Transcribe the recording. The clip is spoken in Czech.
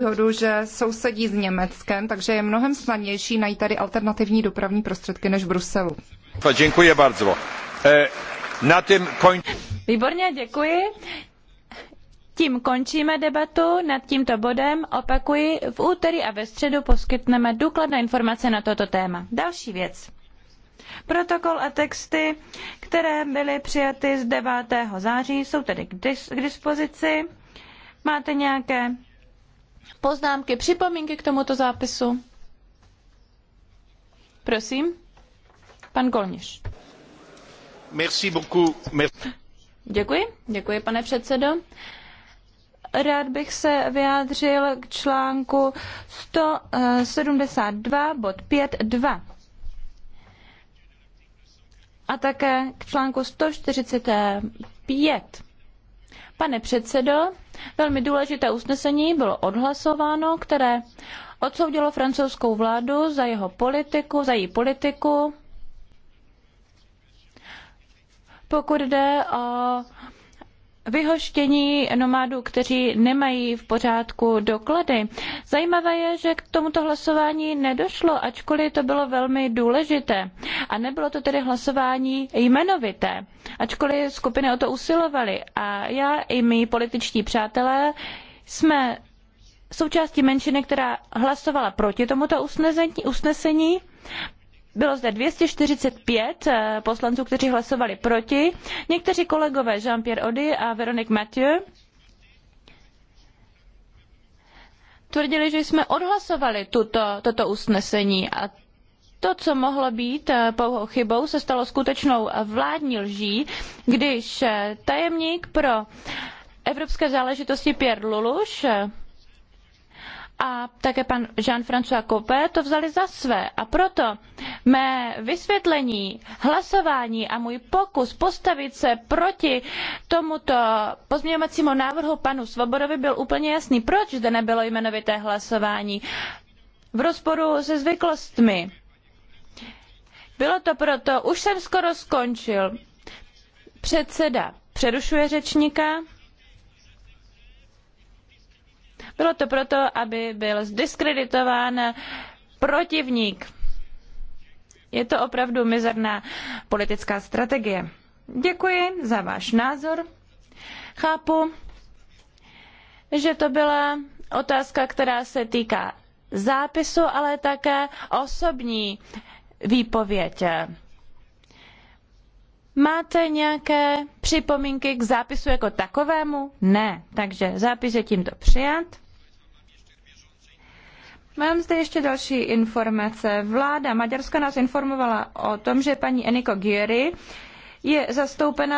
výhodu, že sousedí s Německem, takže je mnohem snadnější najít tady alternativní dopravní prostředky než v Bruselu. Děkuji bardzo. E, na tím kon... Výborně, děkuji. Tím končíme debatu nad tímto bodem. Opakuji, v úterý a ve středu poskytneme důkladné informace na toto téma. Další věc. Protokol a texty, které byly přijaty z 9. září, jsou tedy k, k dispozici. Máte nějaké poznámky, připomínky k tomuto zápisu? Prosím, pan Golniš. Merci beaucoup. Merci. Děkuji, děkuji, pane předsedo. Rád bych se vyjádřil k článku 172 bod 5.2 a také k článku 145. Pane předsedo, Velmi důležité usnesení bylo odhlasováno, které odsoudilo francouzskou vládu za jeho politiku, za její politiku, pokud jde o vyhoštění nomádů, kteří nemají v pořádku doklady. Zajímavé je, že k tomuto hlasování nedošlo, ačkoliv to bylo velmi důležité. A nebylo to tedy hlasování jmenovité, ačkoliv skupiny o to usilovaly. A já i mý političtí přátelé jsme součástí menšiny, která hlasovala proti tomuto usnesení bylo zde 245 eh, poslanců, kteří hlasovali proti. Někteří kolegové Jean-Pierre Ody a Veronique Mathieu tvrdili, že jsme odhlasovali tuto, toto usnesení a to, co mohlo být eh, pouhou chybou, se stalo skutečnou vládní lží, když eh, tajemník pro evropské záležitosti Pierre Luluš a také pan Jean-François Copé to vzali za své. A proto mé vysvětlení, hlasování a můj pokus postavit se proti tomuto pozměňovacímu návrhu panu Svobodovi byl úplně jasný. Proč zde nebylo jmenovité hlasování? V rozporu se zvyklostmi. Bylo to proto, už jsem skoro skončil. Předseda přerušuje řečníka. Bylo to proto, aby byl zdiskreditován protivník. Je to opravdu mizerná politická strategie. Děkuji za váš názor. Chápu, že to byla otázka, která se týká zápisu, ale také osobní výpověď. Máte nějaké připomínky k zápisu jako takovému? Ne, takže zápis je tímto přijat. Mám zde ještě další informace. Vláda Maďarska nás informovala o tom, že paní Eniko Gieri je zastoupena